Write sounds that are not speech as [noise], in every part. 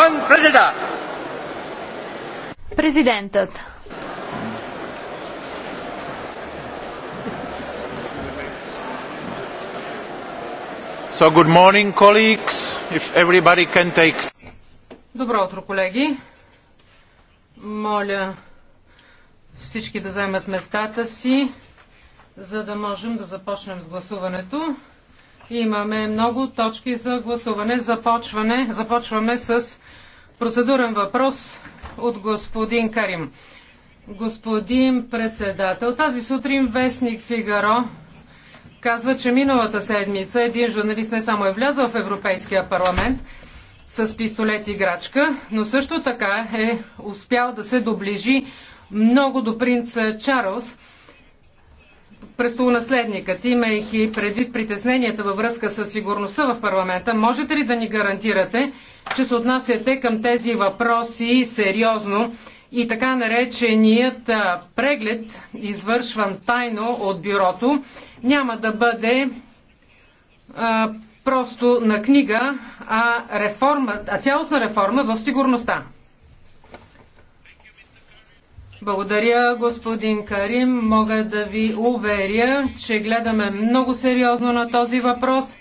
Пан презида! Президентът. So good morning, colleagues. If everybody can take... Добро утро, колеги. Моля всички да вземат местата си, за да можем да започнем с гласуването. Имаме много точки за гласуване. Започване. Започваме с процедурен въпрос от господин Карим. Господин председател, тази сутрин вестник Фигаро казва, че миналата седмица един журналист не само е влязъл в Европейския парламент с пистолет и грачка, но също така е успял да се доближи много до принц Чарлз престолонаследникът, имайки предвид притесненията във връзка с сигурността в парламента, можете ли да ни гарантирате, че се отнасяте към тези въпроси сериозно и така нареченият преглед, извършван тайно от бюрото, няма да бъде а, просто на книга, а, реформа, а цялостна реформа в сигурността? Благодаря, господин Карим. Мога да ви уверя, че гледаме много сериозно на този въпрос.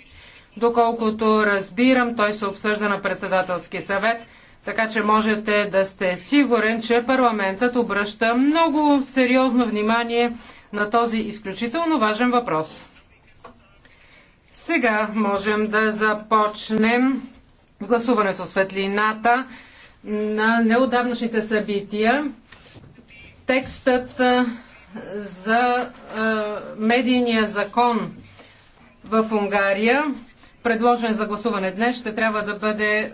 Доколкото разбирам, той се обсъжда на председателски съвет, така че можете да сте сигурен, че парламентът обръща много сериозно внимание на този изключително важен въпрос. Сега можем да започнем с гласуването светлината на неодавнашните събития текстът за медийния закон в Унгария, предложен за гласуване днес, ще трябва да бъде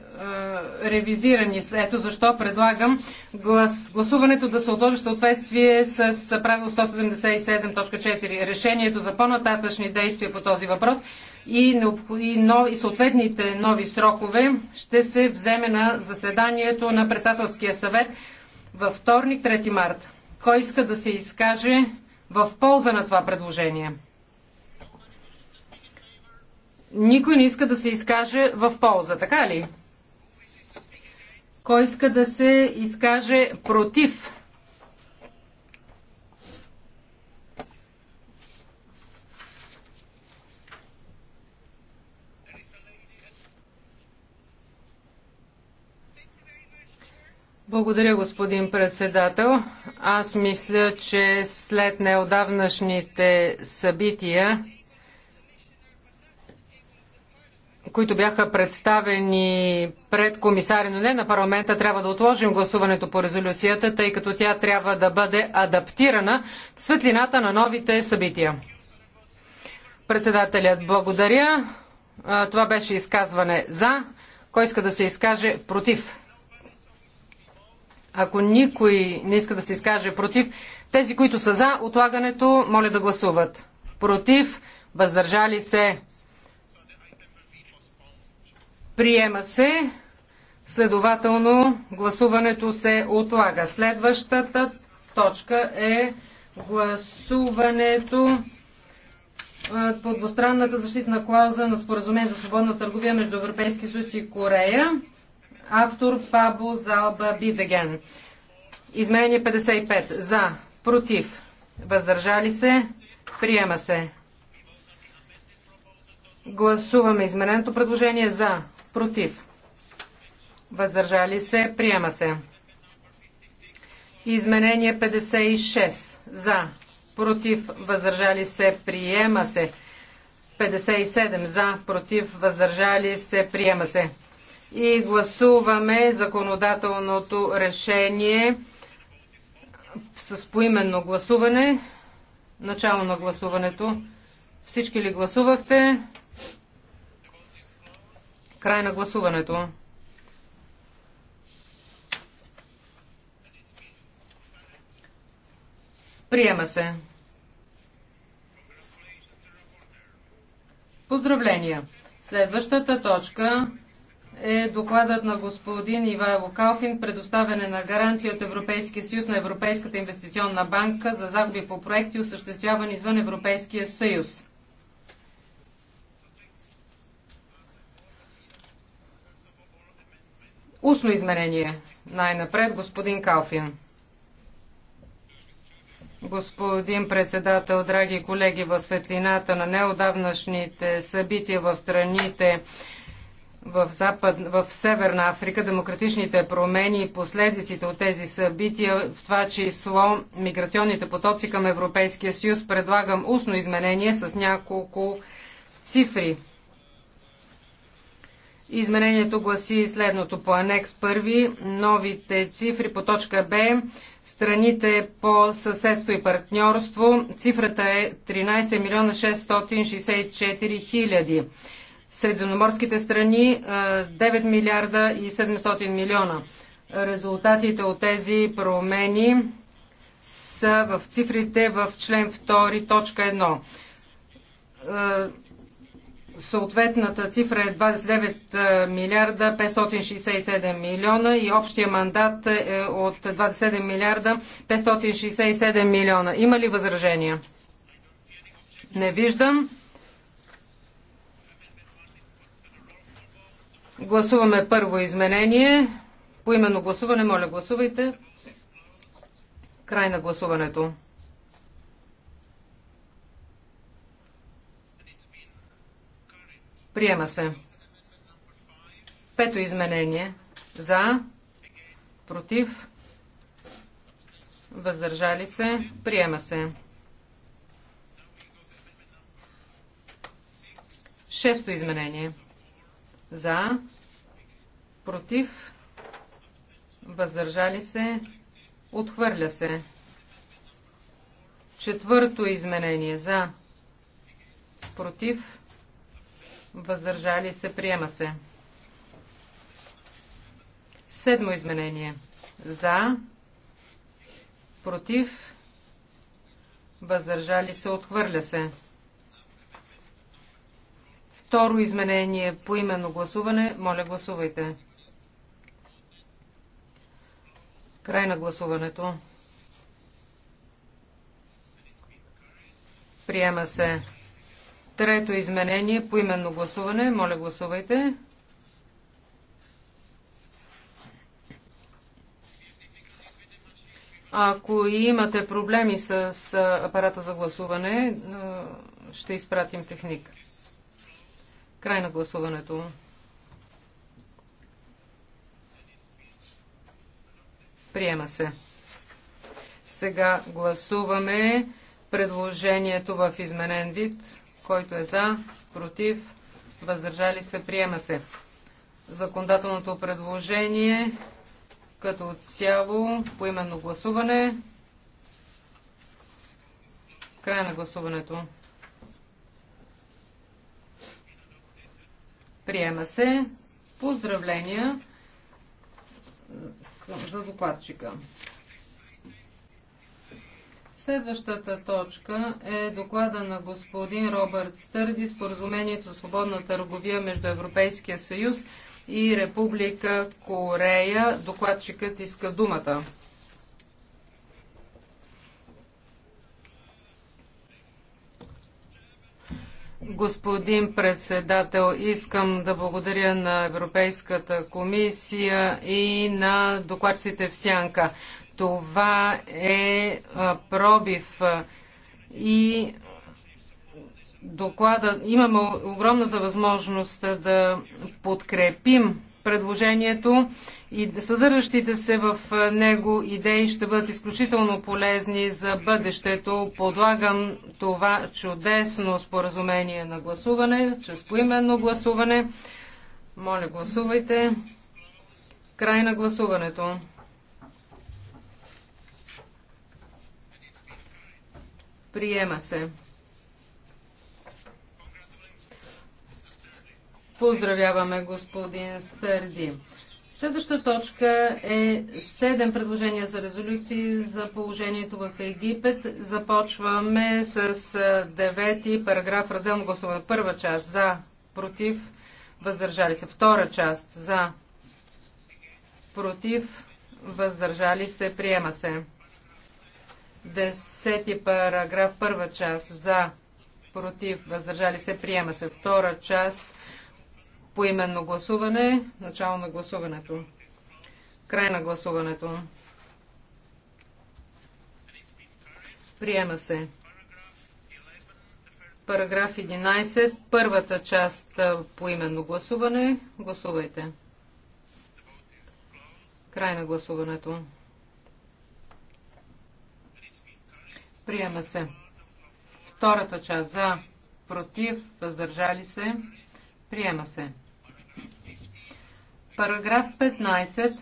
ревизиран. Ето защо предлагам глас, гласуването да се отложи в съответствие с правило 177.4. Решението за по-нататъчни действия по този въпрос и, и, нов, и съответните нови срокове ще се вземе на заседанието на председателския съвет във вторник, 3 марта. Кой иска да се изкаже в полза на това предложение? Никой не иска да се изкаже в полза, така ли? Кой иска да се изкаже против Благодаря, господин председател. Аз мисля, че след неодавнашните събития, които бяха представени пред комисаря, но не на парламента, трябва да отложим гласуването по резолюцията, тъй като тя трябва да бъде адаптирана в светлината на новите събития. Председателят, благодаря. Това беше изказване за. Кой иска да се изкаже против? Ако никой не иска да се изкаже против, тези, които са за отлагането, моля да гласуват. Против, въздържали се. Приема се. Следователно, гласуването се отлага. Следващата точка е гласуването по двустранната защитна клауза на споразумение за свободна търговия между Европейския съюз и Корея. Автор Пабо Залба Бидеген. Изменение 55. За. Против. Въздържали се. Приема се. Гласуваме измененото предложение за. Против. Въздържали се. Приема се. Изменение 56. За. Против. Въздържали се. Приема се. 57. За. Против. Въздържали се. Приема се и гласуваме законодателното решение с поименно гласуване. Начало на гласуването. Всички ли гласувахте? Край на гласуването. Приема се. Поздравления! Следващата точка е докладът на господин Ивайло Калфин предоставяне на гаранции от Европейския съюз на Европейската инвестиционна банка за загуби по проекти, осъществявани извън Европейския съюз. Устно изменение. Най-напред господин Калфин. Господин председател, драги колеги, в светлината на неодавнашните събития в страните в, Запад, в Северна Африка, демократичните промени и последиците от тези събития, в това число миграционните потоци към Европейския съюз, предлагам устно изменение с няколко цифри. Изменението гласи следното по анекс 1. Новите цифри по точка Б. Страните по съседство и партньорство. Цифрата е 13 милиона 664 000 средиземноморските страни 9 милиарда и 700 милиона. Резултатите от тези промени са в цифрите в член 2, точка 1. Съответната цифра е 29 милиарда 567 милиона и общия мандат е от 27 милиарда 567 милиона. Има ли възражения? Не виждам. Гласуваме първо изменение. По именно гласуване, моля гласувайте. Край на гласуването. Приема се. Пето изменение. За. Против. Въздържали се. Приема се. Шесто изменение за, против, въздържали се, отхвърля се. Четвърто изменение за, против, въздържали се, приема се. Седмо изменение за, против, въздържали се, отхвърля се. Второ изменение по именно гласуване. Моля, гласувайте. Край на гласуването. Приема се. Трето изменение по именно гласуване. Моля, гласувайте. Ако имате проблеми с апарата за гласуване, ще изпратим техник. Край на гласуването. Приема се. Сега гласуваме предложението в изменен вид, който е за, против, въздържали се, приема се. Законодателното предложение като цяло по именно гласуване. Край на гласуването. Приема се. Поздравления за докладчика. Следващата точка е доклада на господин Робърт Стърди споразумението за свободна търговия между Европейския съюз и Република Корея. Докладчикът иска думата. Господин председател, искам да благодаря на Европейската комисия и на докладците в Сянка. Това е пробив и доклада. Имаме огромната възможност да подкрепим предложението и съдържащите се в него идеи ще бъдат изключително полезни за бъдещето. Подлагам това чудесно споразумение на гласуване, чрез поименно гласуване. Моля, гласувайте. Край на гласуването. Приема се. Поздравяваме господин Стърди. Следваща точка е 7 предложения за резолюции за положението в Египет. Започваме с 9 параграф разделно гласуване. Първа част за, против, въздържали се. Втора част за, против, въздържали се, приема се. Десети параграф, първа част за, против, въздържали се, приема се. Втора част Поименно гласуване. Начало на гласуването. Край на гласуването. Приема се. Параграф 11, първата част по именно гласуване. Гласувайте. Край на гласуването. Приема се. Втората част за, против, въздържали се. Приема се. Параграф 15.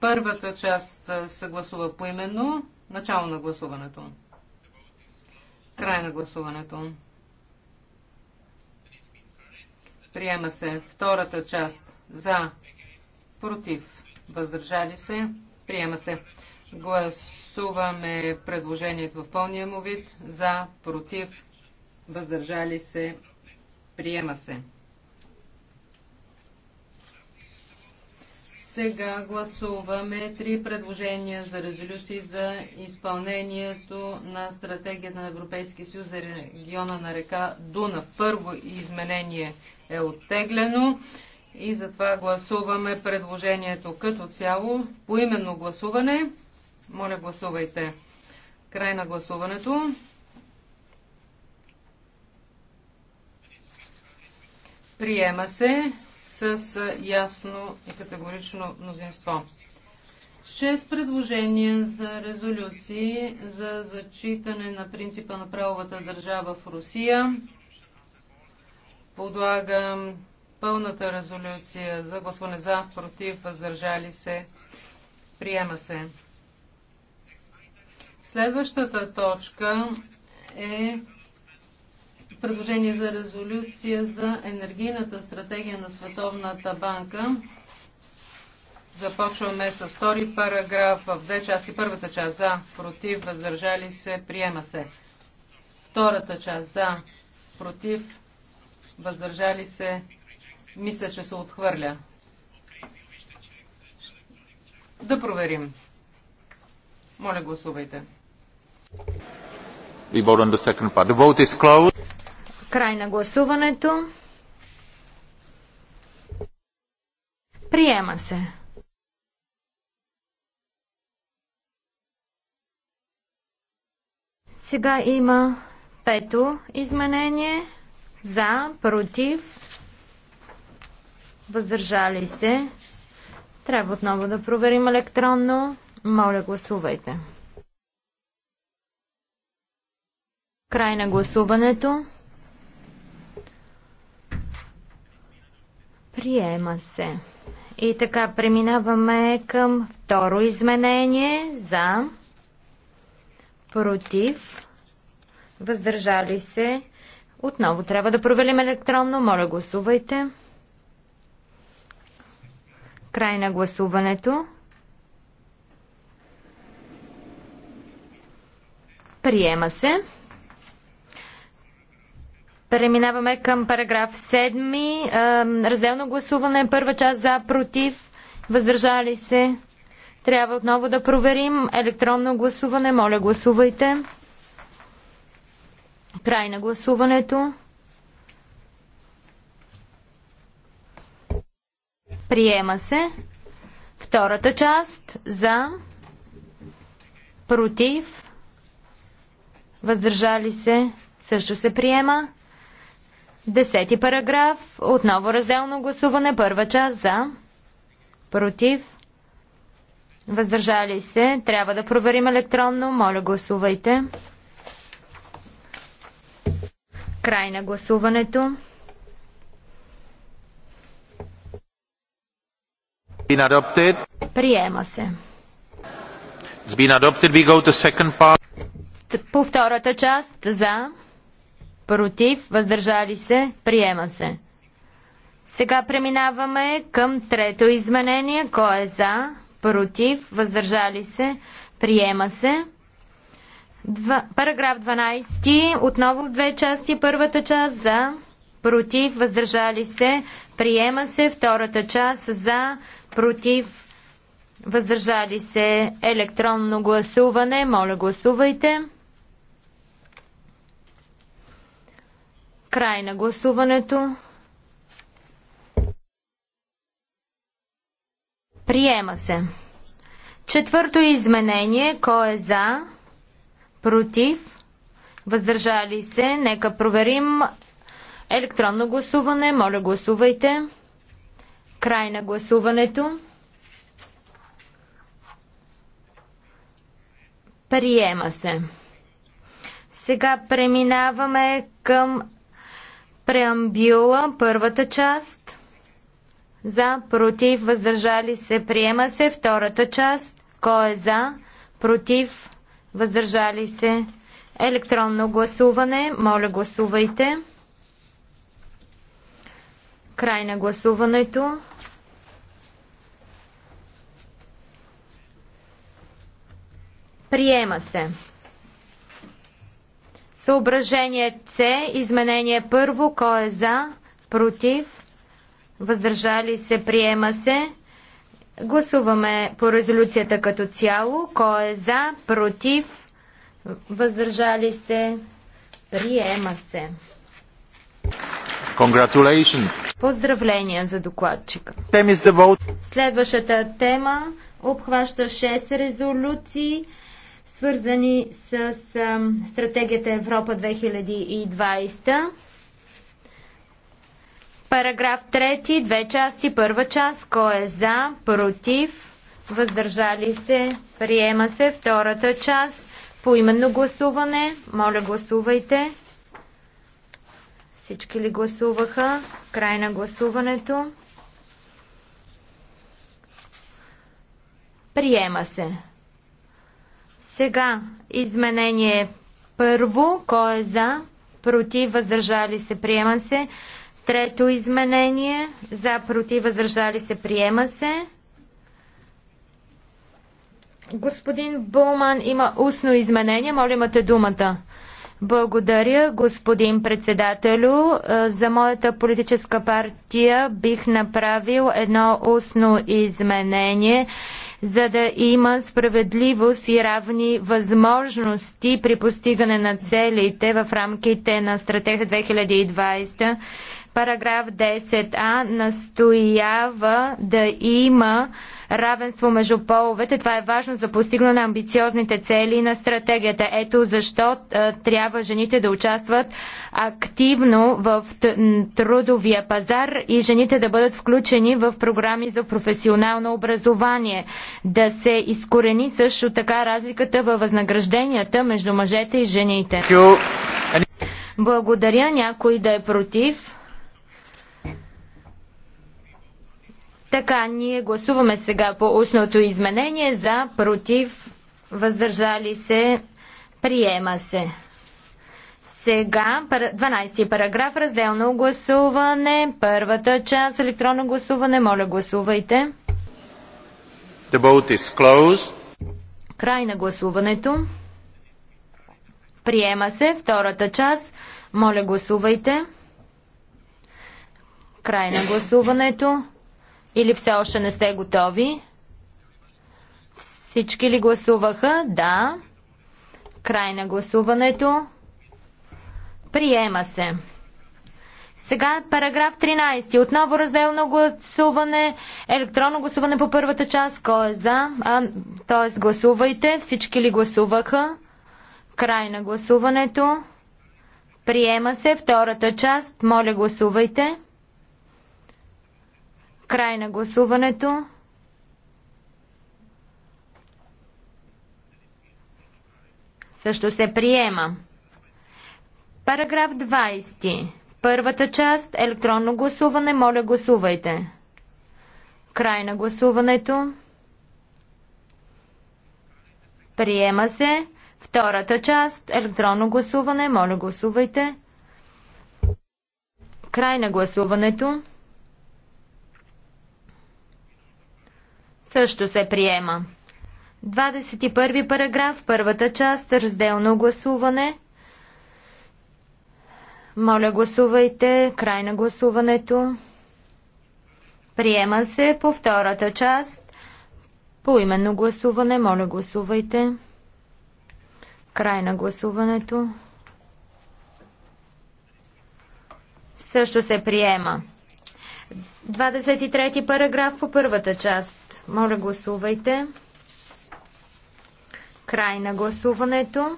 Първата част се гласува поименно. Начало на гласуването. Край на гласуването. Приема се втората част. За. Против. Въздържали се. Приема се. Гласуваме предложението в пълния му вид. За. Против. Въздържали се. Приема се. Сега гласуваме три предложения за резолюции за изпълнението на стратегията на Европейски съюз за региона на река Дунав. Първо изменение е оттеглено и затова гласуваме предложението като цяло. По именно гласуване. Моля, гласувайте. Край на гласуването. Приема се с ясно и категорично мнозинство. Шест предложения за резолюции за зачитане на принципа на правовата държава в Русия. Подлагам пълната резолюция за гласване за, против, въздържали се. Приема се. Следващата точка е предложение за резолюция за енергийната стратегия на Световната банка. Започваме с втори параграф в две части. Първата част за, против, въздържали се, приема се. Втората част за, против, въздържали се, мисля, че се отхвърля. Да проверим. Моля, гласувайте. We vote on the second part. The vote is closed. Край на гласуването. Приема се. Сега има пето изменение. За, против, въздържали се. Трябва отново да проверим електронно. Моля, гласувайте. Край на гласуването. Приема се. И така, преминаваме към второ изменение за против въздържали се. Отново трябва да провелим електронно. Моля, гласувайте. Край на гласуването. Приема се. Преминаваме към параграф 7. Разделно гласуване. Първа част за, против, въздържали се. Трябва отново да проверим. Електронно гласуване. Моля, гласувайте. Край на гласуването. Приема се. Втората част за, против, въздържали се също се приема. Десети параграф. Отново разделно гласуване. Първа част за. Против. Въздържали се. Трябва да проверим електронно. Моля, гласувайте. Край на гласуването. Приема се. По втората част за против, въздържали се, приема се. Сега преминаваме към трето изменение. Кой е за, против, въздържали се, приема се. Два, параграф 12, отново в две части. Първата част за, против, въздържали се, приема се. Втората част за, против, въздържали се, електронно гласуване. Моля, гласувайте. Край на гласуването. Приема се. Четвърто изменение. Кой е за? Против? Въздържали се? Нека проверим. Електронно гласуване. Моля, гласувайте. Край на гласуването. Приема се. Сега преминаваме към Преамбюла, първата част. За, против, въздържали се, приема се. Втората част. Кой е за, против, въздържали се. Електронно гласуване. Моля, гласувайте. Край на гласуването. Приема се. Съображение С, изменение първо, кой е за, против, въздържали се, приема се. Гласуваме по резолюцията като цяло, кой е за, против, въздържали се, приема се. Поздравления за докладчика. Следващата тема обхваща 6 резолюции свързани с стратегията Европа 2020. Параграф 3, две части, първа част, кой е за, против, въздържали се, приема се, втората част, поименно гласуване, моля гласувайте. Всички ли гласуваха? Край на гласуването. Приема се. Сега изменение първо. Кой е за? Против, въздържали се, приема се. Трето изменение. За, против, въздържали се, приема се. Господин Булман има устно изменение. Моля, имате думата. Благодаря, господин председателю. Е, за моята политическа партия бих направил едно устно изменение, за да има справедливост и равни възможности при постигане на целите в рамките на стратегия 2020 Параграф 10а настоява да има равенство между половете. Това е важно за постигане на амбициозните цели на стратегията. Ето защо трябва жените да участват активно в трудовия пазар и жените да бъдат включени в програми за професионално образование. Да се изкорени също така разликата във възнагражденията между мъжете и жените. Благодаря някой да е против. Така, ние гласуваме сега по устното изменение за, против, въздържали се, приема се. Сега 12 параграф, разделно гласуване, първата част, електронно гласуване, моля гласувайте. The vote is closed. Край на гласуването. Приема се втората част. Моля гласувайте. Край на гласуването. Или все още не сте готови? Всички ли гласуваха? Да. Край на гласуването. Приема се. Сега параграф 13. Отново разделно гласуване, електронно гласуване по първата част. Кой е за? тоест гласувайте. Всички ли гласуваха? Край на гласуването. Приема се втората част. Моля гласувайте. Край на гласуването. Също се приема. Параграф 20. Първата част електронно гласуване. Моля, гласувайте. Край на гласуването. Приема се. Втората част електронно гласуване. Моля, гласувайте. Край на гласуването. също се приема. 21 параграф, първата част, разделно гласуване. Моля, гласувайте. Край на гласуването. Приема се по втората част. По именно гласуване. Моля, гласувайте. Край на гласуването. Също се приема. 23 параграф по първата част. Моля, гласувайте. Край на гласуването.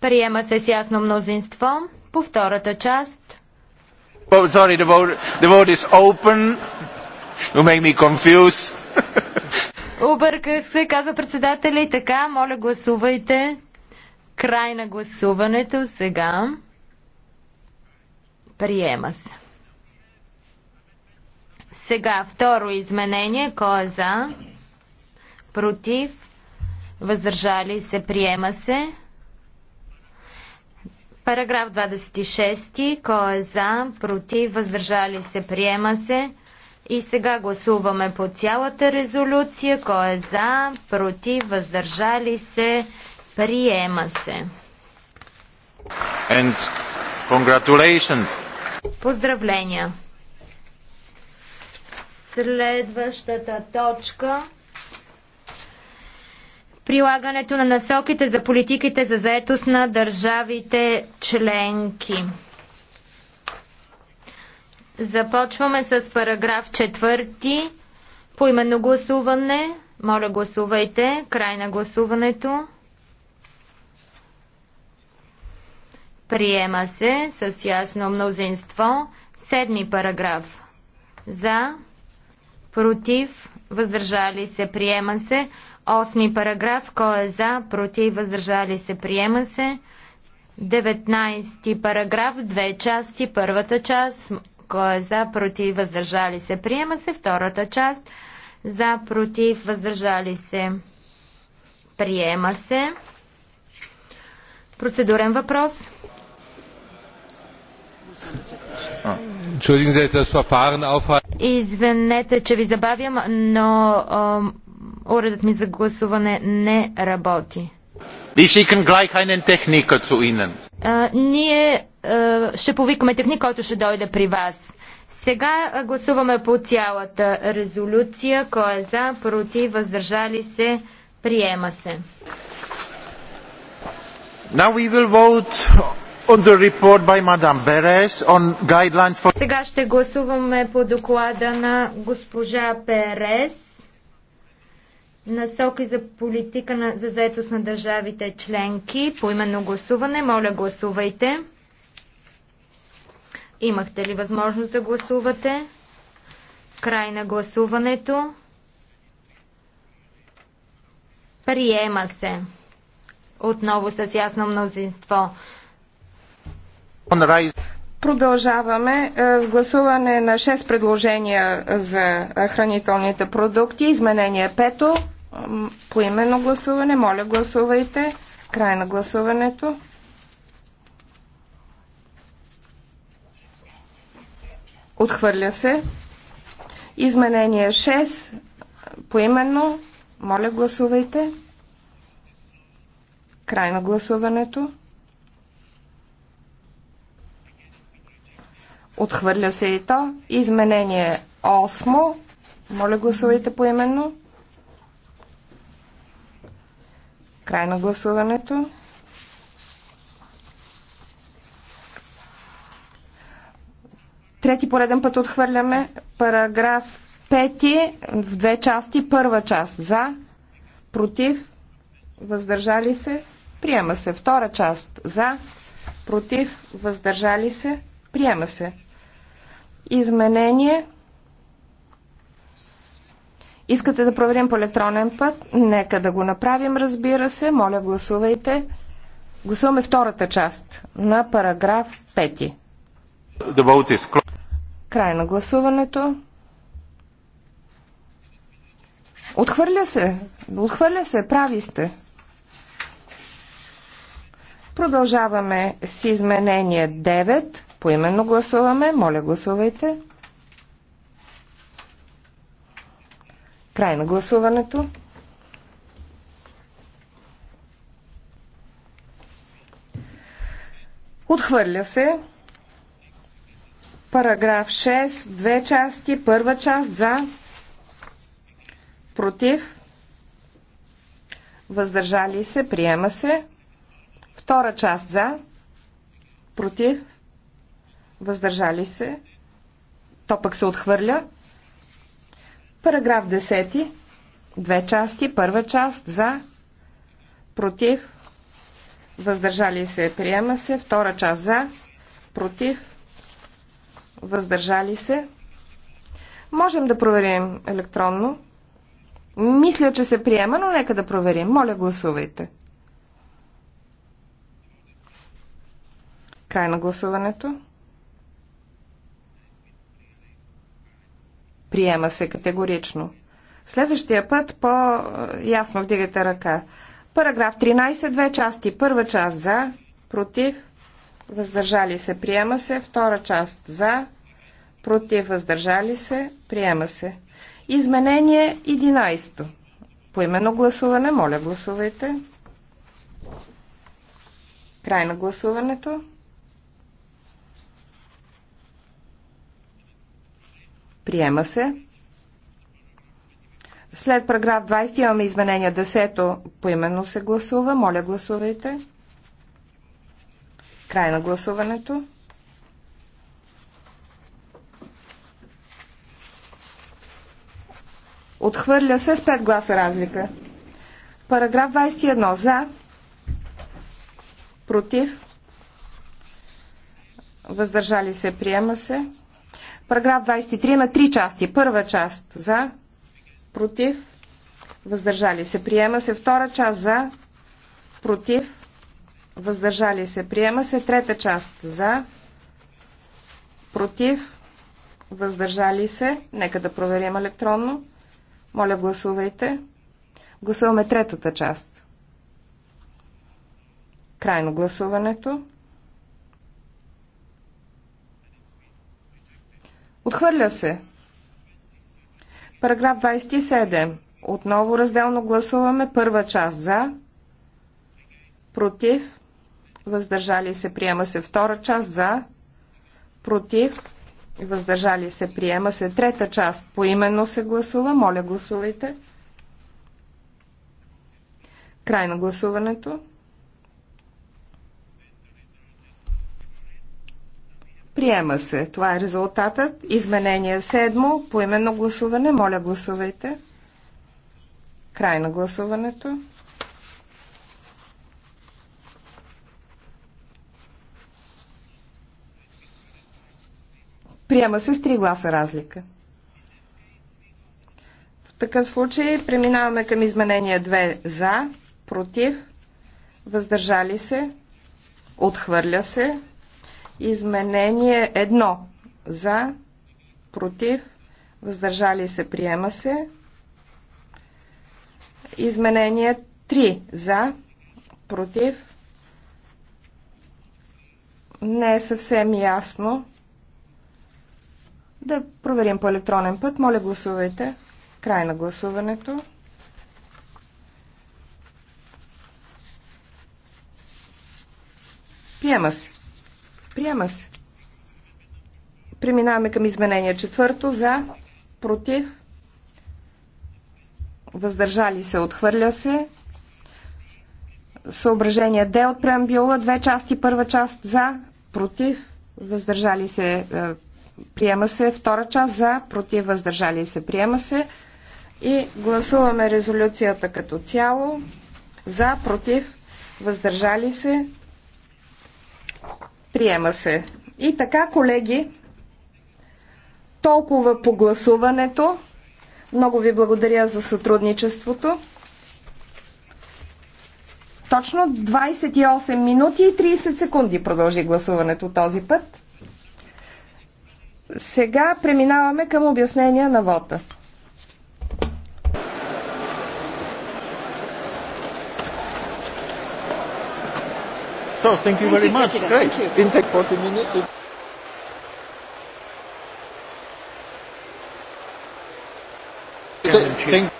Приема се с ясно мнозинство. По втората част. Обърка sorry, the vote, the vote is open. You make me confused. [laughs] се, каза председателя и така. Моля, гласувайте. Край на гласуването сега. Приема се. Сега второ изменение. Кой е за? Против? Въздържали се? Приема се. Параграф 26. Кой е за? Против? Въздържали се? Приема се. И сега гласуваме по цялата резолюция. Кой е за? Против? Въздържали се? Приема се. And congratulations. Поздравления! Следващата точка прилагането на насоките за политиките за заетост на държавите членки. Започваме с параграф 4. Поименно гласуване. Моля, гласувайте. Край на гласуването. Приема се с ясно мнозинство. Седми параграф. За против, въздържали се, приема се. Осми параграф, кой е за, против, въздържали се, приема се. 19 параграф, две части, първата част, кой е за, против, въздържали се, приема се. Втората част, за, против, въздържали се, приема се. Процедурен въпрос. Извинете, че ви забавям, но уредът ми за гласуване не работи. ние ще повикаме техник, който ще дойде при вас. Сега гласуваме по цялата резолюция. Кой е за, против, въздържали се, приема се. Now we will vote сега ще гласуваме по доклада на госпожа Перес насоки за политика на, за заетост на държавите членки по именно гласуване. Моля, гласувайте. Имахте ли възможност да гласувате? Край на гласуването. Приема се. Отново с ясно мнозинство. Продължаваме е, с гласуване на 6 предложения за е, хранителните продукти. Изменение 5 по именно гласуване. Моля, гласувайте. Край на гласуването. Отхвърля се. Изменение 6 по именно. Моля, гласувайте. Край на гласуването. Отхвърля се и то. Изменение 8. Моля гласувайте по именно. Край на гласуването. Трети пореден път отхвърляме параграф 5 в две части. Първа част за, против, въздържали се, приема се. Втора част за, против, въздържали се, Приема се. Изменение. Искате да проверим по електронен път? Нека да го направим, разбира се. Моля, гласувайте. Гласуваме втората част на параграф 5. Край на гласуването. Отхвърля се. Отхвърля се. Прави сте. Продължаваме с изменение 9. Поименно гласуваме. Моля, гласувайте. Край на гласуването. Отхвърля се. Параграф 6, две части. Първа част за, против, въздържали се, приема се. Втора част за, против, въздържали се, то пък се отхвърля. Параграф 10, две части, първа част за, против, въздържали се, приема се, втора част за, против, въздържали се. Можем да проверим електронно. Мисля, че се приема, но нека да проверим. Моля, гласувайте. Край на гласуването. Приема се категорично. Следващия път по-ясно вдигате ръка. Параграф 13, две части. Първа част за, против, въздържали се, приема се. Втора част за, против, въздържали се, приема се. Изменение 11. Поименно гласуване, моля гласувайте. Край на гласуването. Приема се. След параграф 20 имаме изменение 10. Поименно се гласува. Моля, гласувайте. Край на гласуването. Отхвърля се с 5 гласа разлика. Параграф 21. За. Против. Въздържали се. Приема се. Параграф 23 на три части. Първа част за, против, въздържали се, приема се. Втора част за, против, въздържали се, приема се. Трета част за, против, въздържали се. Нека да проверим електронно. Моля, гласувайте. Гласуваме третата част. Крайно гласуването. Отхвърля се. Параграф 27. Отново разделно гласуваме първа част за, против, въздържали се, приема се втора част за, против, въздържали се, приема се трета част. Поименно се гласува. Моля, гласувайте. Край на гласуването. Приема се. Това е резултатът. Изменение 7. По именно гласуване. Моля, гласувайте. Край на гласуването. Приема се с 3 гласа разлика. В такъв случай преминаваме към изменение 2 за, против, въздържали се, отхвърля се, Изменение 1. За, против, въздържали се, приема се. Изменение 3. За, против. Не е съвсем ясно. Да проверим по електронен път. Моля, гласувайте. Край на гласуването. Приема се. Приема се. Преминаваме към изменение четвърто. За, против, въздържали се, отхвърля се. Съображение Д от преамбюла, две части, първа част за, против, въздържали се, е, приема се, втора част за, против, въздържали се, приема се. И гласуваме резолюцията като цяло. За, против, въздържали се. Приема се. И така, колеги, толкова по гласуването. Много ви благодаря за сътрудничеството. Точно 28 минути и 30 секунди продължи гласуването този път. Сега преминаваме към обяснение на вота. No, thank you very much. Great. In take 40 minutes. Thank you.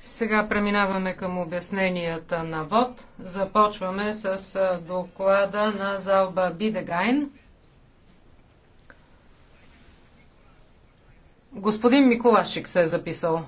Сега преминаваме към обясненията на ВОД. Започваме с доклада на Залба Бидегайн. Господин Миколашик се е записал.